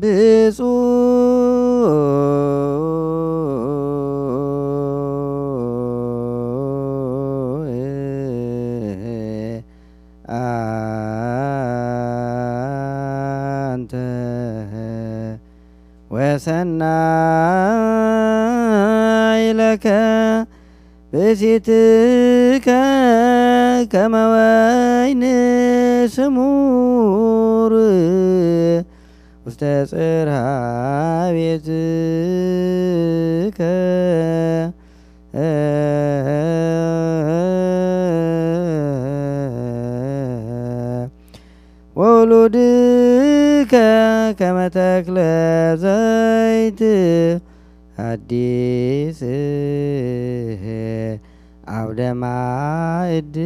ብፁዕ አንተ ወሰናይ ለከ ብሲትከ ከመ ወይን ስሙር ውስተ ጽርሃ ቤትከ ወውሉድከ ከመ ተክለ ዘይት አዲስ አውደማ እድ